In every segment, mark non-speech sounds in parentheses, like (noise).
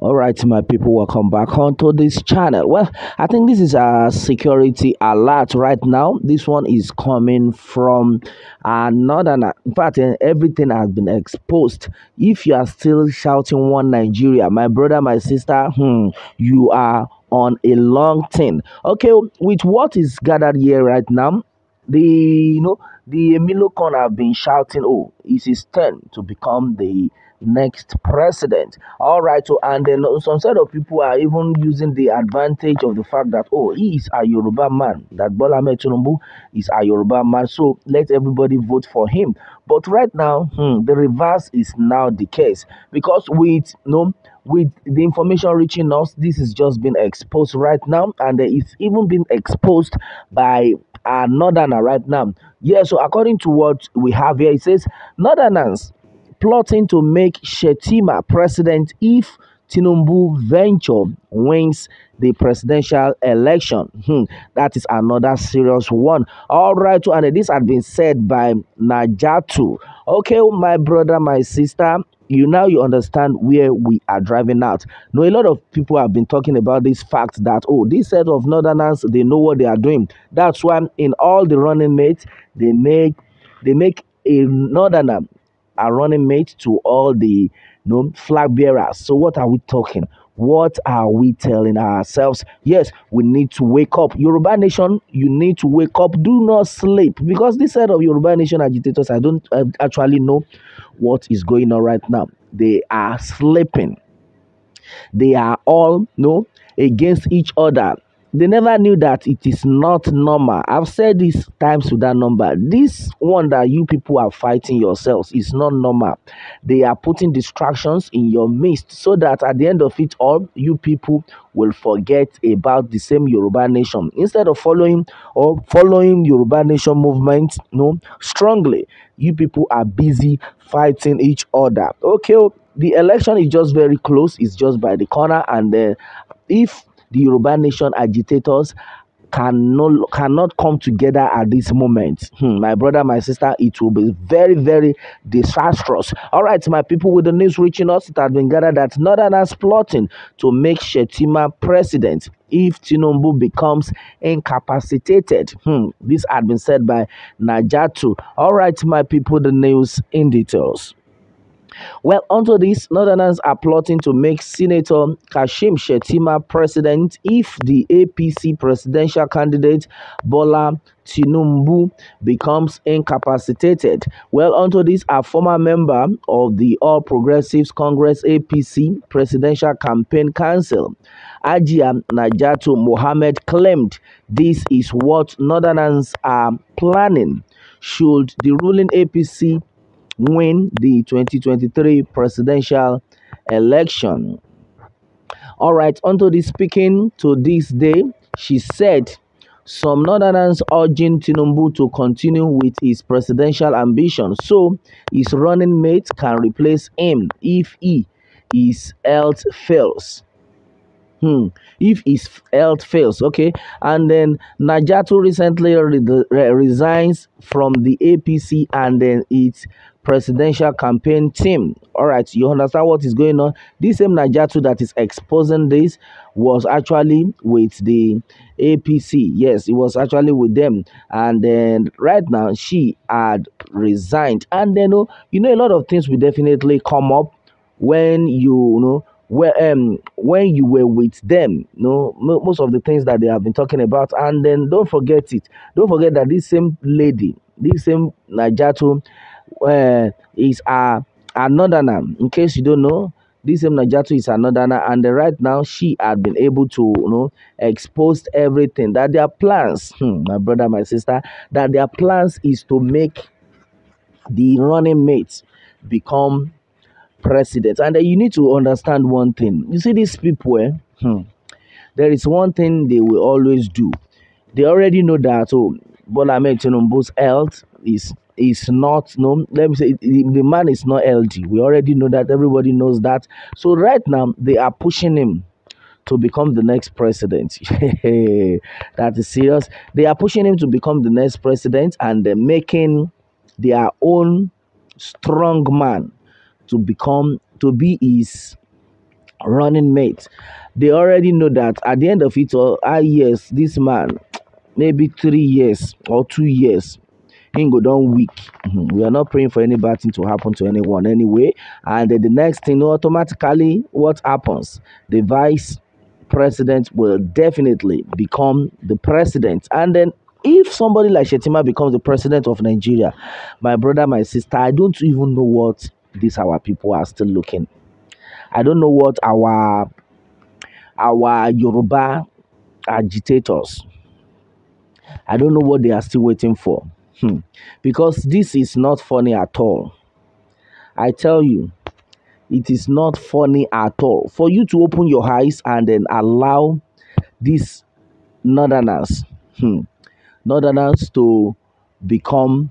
all right my people welcome back onto this channel well i think this is a security alert right now this one is coming from another in fact eh, everything has been exposed if you are still shouting one nigeria my brother my sister hmm, you are on a long thing okay with what is gathered here right now the you know the milocon have been shouting oh it's his turn to become the next president. All right, so and then some set of people are even using the advantage of the fact that oh, he is a Yoruba man, that Bola Tinubu is a Yoruba man, so let everybody vote for him. But right now, hmm, the reverse is now the case because with you no. Know, with the information reaching us, this is just being exposed right now, and it's even been exposed by a northerner right now. Yeah, so according to what we have here, it says northerners plotting to make Shetima president if Tinubu venture wins the presidential election. Hmm, that is another serious one. All right, and this had been said by Najatu. Okay, my brother, my sister, you now you understand where we are driving at. Now, a lot of people have been talking about this fact that, oh, this set of northerners, they know what they are doing. That's why in all the running mates, they make they make a northerner a running mate to all the you know, flag bearers. So what are we talking? What are we telling ourselves? Yes, we need to wake up. Yoruba Nation, you need to wake up. Do not sleep because this set of Yoruba Nation agitators, I don't actually know what is going on right now. They are sleeping. They are all you no know, against each other they never knew that it is not normal. I've said this times with that number. This one that you people are fighting yourselves is not normal. They are putting distractions in your midst so that at the end of it all, you people will forget about the same Yoruba nation. Instead of following or following Yoruba nation movement, no, strongly, you people are busy fighting each other. Okay, oh, the election is just very close. It's just by the corner and then if the Yoruba nation agitators cannot cannot come together at this moment hmm, my brother my sister it will be very very disastrous all right my people with the news reaching us it has been gathered that northern is plotting to make shetima president if Tinubu becomes incapacitated. Hmm, this had been said by Najatu. All right, my people, the news in details. Well, onto this, Northerners are plotting to make Senator Kashim Shetima president if the APC presidential candidate Bola Tinumbu becomes incapacitated. Well, onto this, a former member of the All Progressives Congress APC Presidential Campaign Council, Ajia Najatu Mohammed, claimed this is what Northerners are planning should the ruling APC win the 2023 presidential election. All right, onto the speaking to this day, she said some northerners urging Tinubu to continue with his presidential ambition so his running mate can replace him if he his health fails. Hmm. If his health fails, okay. And then Najatu recently re resigns from the APC and then it presidential campaign team. All right, you understand what is going on? This same Najatu that is exposing this was actually with the APC. Yes, it was actually with them. And then right now, she had resigned. And then, you know, a lot of things will definitely come up when you, you know, where um when you were with them you know most of the things that they have been talking about and then don't forget it don't forget that this same lady this same najatu uh, is a, another name In case you don't know, this M. Najatu is another northerner, and uh, right now she had been able to you know expose everything that their plans, hmm, my brother, my sister, that their plans is to make the running mates become president. And uh, you need to understand one thing. You see, these people, eh, hmm, there is one thing they will always do. They already know that oh, Bola Tinubu's health is is not no let me say the man is not LG. we already know that everybody knows that so right now they are pushing him to become the next president (laughs) that is serious they are pushing him to become the next president and they're making their own strong man to become to be his running mate they already know that at the end of it all ah yes this man maybe three years or two years him go down weak mm-hmm. we are not praying for any bad thing to happen to anyone anyway and then the next thing automatically what happens the vice president will definitely become the president and then if somebody like Shetima becomes the president of Nigeria, my brother, my sister, I don't even know what these our people are still looking. I don't know what our our Yoruba agitators. I don't know what they are still waiting for. Hmm. Because this is not funny at all. I tell you, it is not funny at all. For you to open your eyes and then allow these northerners, hmm, northerners to become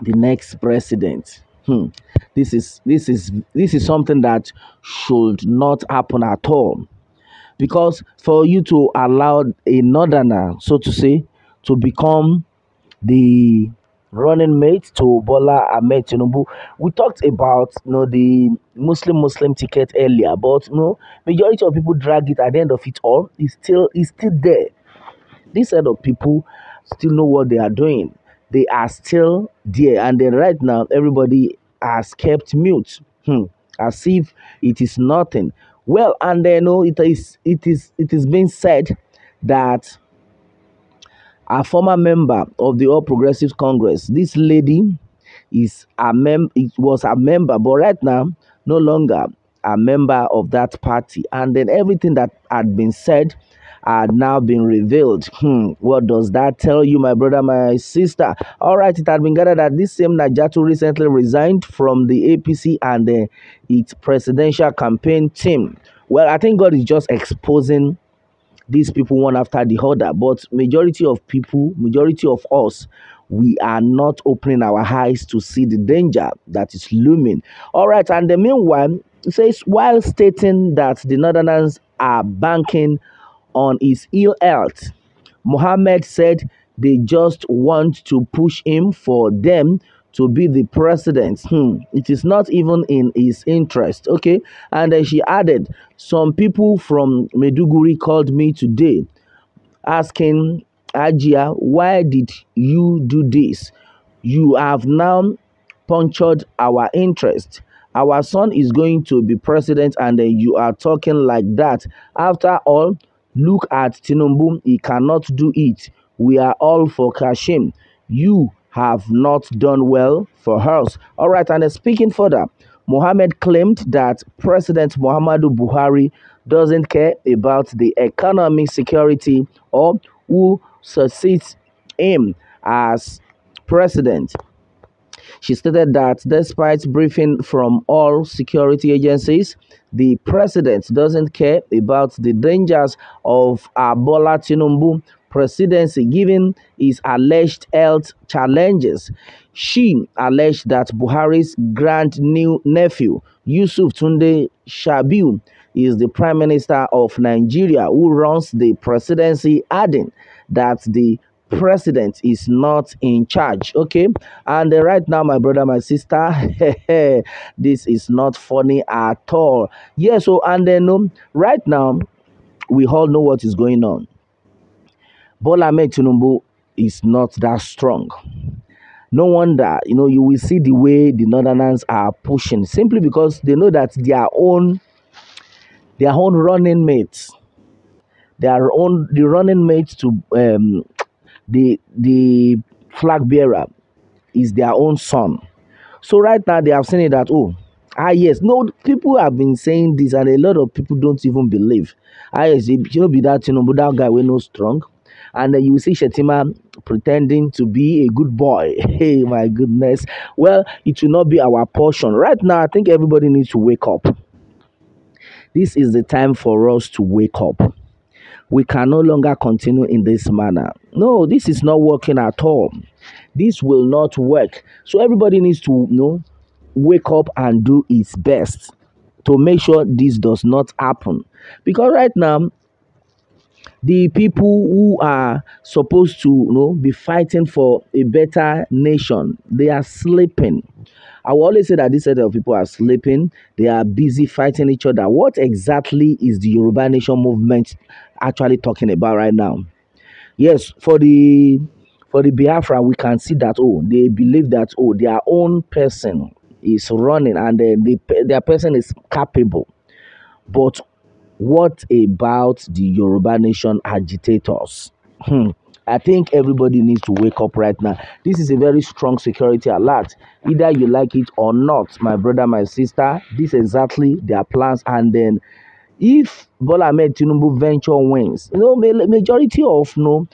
the next president. Hmm. This is this is this is something that should not happen at all. Because for you to allow a northerner, so to say, to become the running mate to Bola Ahmed Tinubu. We talked about you know, the Muslim Muslim ticket earlier, but you know, majority of people drag it at the end of it all. It's still it's still there. This set of people still know what they are doing. They are still there, and then right now everybody has kept mute, hmm. as if it is nothing. Well, and then you know, it is it is it is being said that a former member of the All Progressive Congress. This lady is a mem- it was a member, but right now, no longer a member of that party. And then everything that had been said had now been revealed. Hmm, what does that tell you, my brother, my sister? All right, it had been gathered that this same Najatu recently resigned from the APC and uh, its presidential campaign team. Well, I think God is just exposing these people one after the other but majority of people majority of us we are not opening our eyes to see the danger that is looming all right and the meanwhile says while stating that the northerners are banking on his ill health mohammed said they just want to push him for them to be the president. Hmm. It is not even in his interest. Okay. And then she added, Some people from Meduguri called me today asking Ajia, why did you do this? You have now punctured our interest. Our son is going to be president, and then you are talking like that. After all, look at Tinubu, he cannot do it. We are all for Kashim. You have not done well for hers. All right, and speaking further, Mohammed claimed that President Muhammadu Buhari doesn't care about the economic security or who succeeds him as president. She stated that despite briefing from all security agencies, the president doesn't care about the dangers of Abola Tinumbu presidency given his alleged health challenges. She alleged that Buhari's grand new nephew, Yusuf Tunde Shabiu, is the prime minister of Nigeria who runs the presidency, adding that the president is not in charge okay and uh, right now my brother my sister (laughs) this is not funny at all yeah so and then um, right now we all know what is going on Bola Ahmed is not that strong. No wonder, you know, you will see the way the Northerners are pushing simply because they know that their own, their own running mates, their own the running mates to um, the the flag bearer is their own son. So right now they have seen it that oh ah yes no people have been saying this and a lot of people don't even believe ah yes you know be that you know but that guy we no strong and you see Shetima pretending to be a good boy. (laughs) Hey, my goodness. Well, it will not be our portion. Right now, I think everybody needs to wake up. This is the time for us to wake up. We can no longer continue in this manner. No, this is not working at all. This will not work. So everybody needs to you know wake up and do its best to make sure this does not happen. Because right now, the people who are supposed to you know, be fighting for a better nation, they are sleeping. I will always say that this set of people are sleeping. They are busy fighting each other. What exactly is the Yoruba Nation movement actually talking about right now? Yes, for the for the Biafra, we can see that oh, they believe that oh, their own person is running and uh, the, their person is capable. But what about the Yoruba Nation agitators? Hmm. I think everybody needs to wake up right now. This is a very strong security alert. Either you like it or not, my brother, my sister, this exactly their plans. And then if Bola Ahmed Tinubu venture wins, you know, majority of you no know,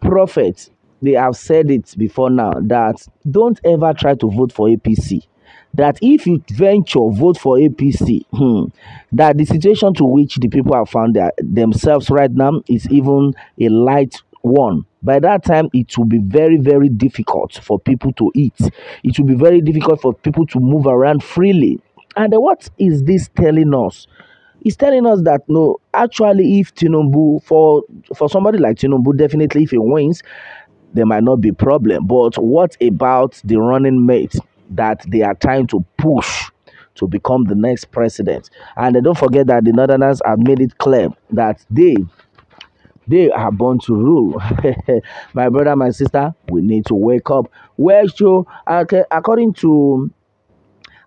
prophets, they have said it before now that don't ever try to vote for APC that if you venture vote for APC, hmm, that the situation to which the people have found their, themselves right now is even a light one by that time it will be very very difficult for people to eat it will be very difficult for people to move around freely and what is this telling us it's telling us that no actually if tinubu for for somebody like tinubu definitely if he wins there might not be problem but what about the running mate that they are trying to push to become the next president. And don't forget that the Northerners have made it clear that they they are born to rule. (laughs) my brother, my sister, we need to wake up. Where so according to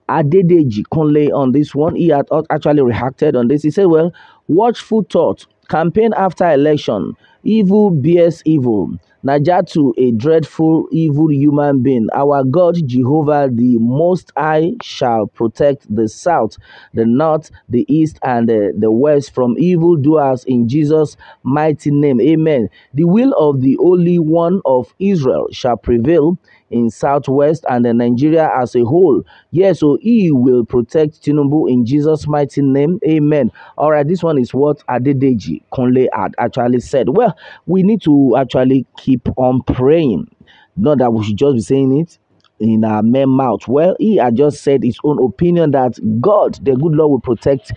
Adedeji Conley on this one, he had actually reacted on this. He said, "Well, watchful thought campaign after election." Evil bears evil. Najatu, a dreadful evil human being. Our God Jehovah the Most High shall protect the south, the north, the east, and the, the west from evildoers in Jesus' mighty name. Amen. The will of the Holy One of Israel shall prevail in southwest and Nigeria as a whole. Yes, so he will protect Tinubu in Jesus' mighty name. Amen. All right, this one is what Adedeji Conley had actually said. Well, we need to actually keep on praying. Not that we should just be saying it in our mere mouth. Well, he had just said his own opinion that God, the good Lord, will protect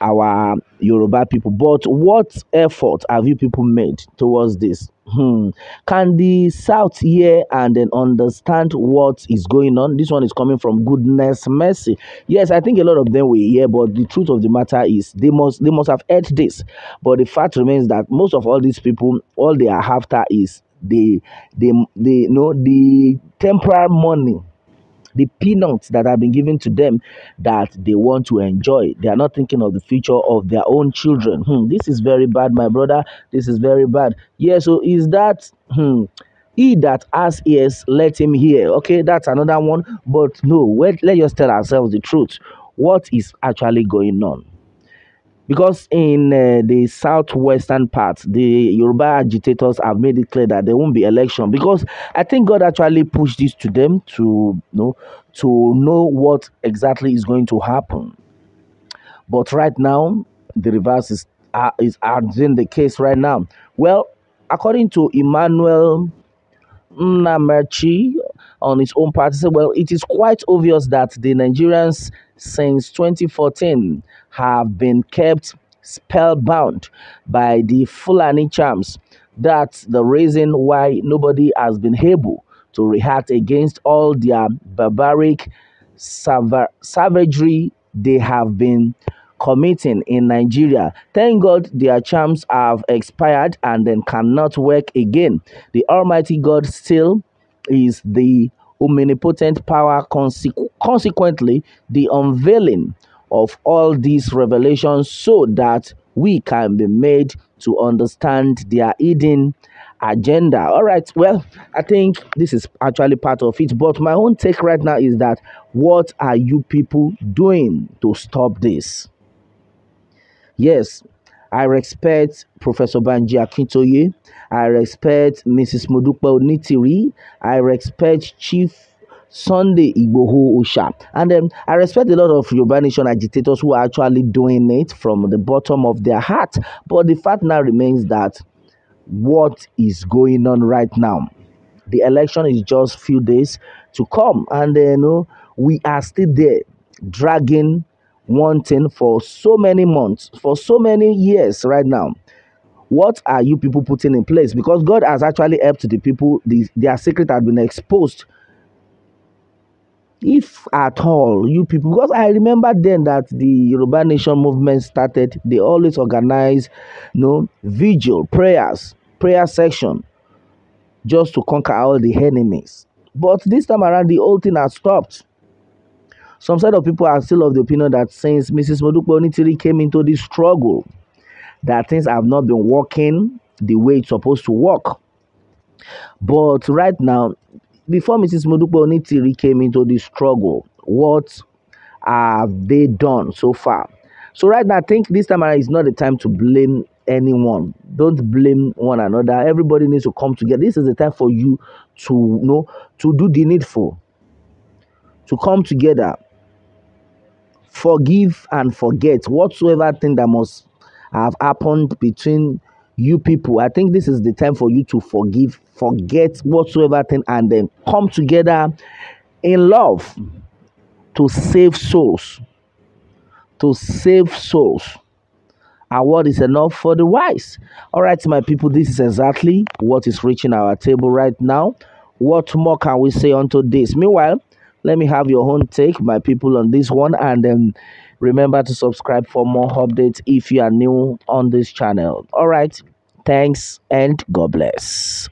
our Yoruba people. But what effort have you people made towards this? Hmm. Can the South hear and then understand what is going on? This one is coming from goodness mercy. Yes, I think a lot of them will hear, but the truth of the matter is they must they must have heard this. But the fact remains that most of all these people, all they are after is the the the you know the temporary money the peanuts that have been given to them that they want to enjoy. They are not thinking of the future of their own children. Hmm, this is very bad, my brother. This is very bad. Yeah, so is that. Hmm, he that has ears, let him hear. Okay, that's another one. But no, wait, let us tell ourselves the truth. What is actually going on? because in uh, the southwestern part, the Yoruba agitators have made it clear that there won't be election because I think God actually pushed this to them to you know to know what exactly is going to happen. But right now, the reverse is uh, is in the case right now. Well, according to Emmanuel Namerchi on his own said, well, it is quite obvious that the Nigerians since 2014 have been kept spellbound by the Fulani charms. That's the reason why nobody has been able to react against all their barbaric savagery they have been committing in Nigeria. Thank God their charms have expired and then cannot work again. The Almighty God still is the omnipotent power consequence Consequently, the unveiling of all these revelations so that we can be made to understand their hidden agenda. All right, well, I think this is actually part of it, but my own take right now is that what are you people doing to stop this? Yes, I respect Professor Banji Akintoye. I respect Mrs. Modupe Onitiri. I respect Chief Sunday Igboho Usha. And then um, I respect a lot of Yoruba Nation agitators who are actually doing it from the bottom of their heart. But the fact now remains that what is going on right now, the election is just few days to come. And, uh, you know, we are still there dragging one thing for so many months, for so many years right now what are you people putting in place? Because God has actually helped the people, the, their secret has been exposed if at all you people because i remember then that the yoruba nation movement started they always organize you know vigil prayers prayer section just to conquer all the enemies but this time around the whole thing has stopped some side of people are still of the opinion that since mrs modupe onitiri came into this struggle that things have not been working the way it's supposed to work but right now before Mrs. Modupe Onitiri came into the struggle, what have they done so far? So right now, I think this time around is not the time to blame anyone. Don't blame one another. Everybody needs to come together. This is the time for you to you know to do the needful, to come together, forgive and forget whatsoever thing that must have happened between you people i think this is the time for you to forgive forget whatsoever thing and then come together in love to save souls to save souls word is enough for the wise all right my people this is exactly what is reaching our table right now what more can we say unto this meanwhile let me have your own take my people on this one and then Remember to subscribe for more updates if you are new on this channel. All right. Thanks and God bless.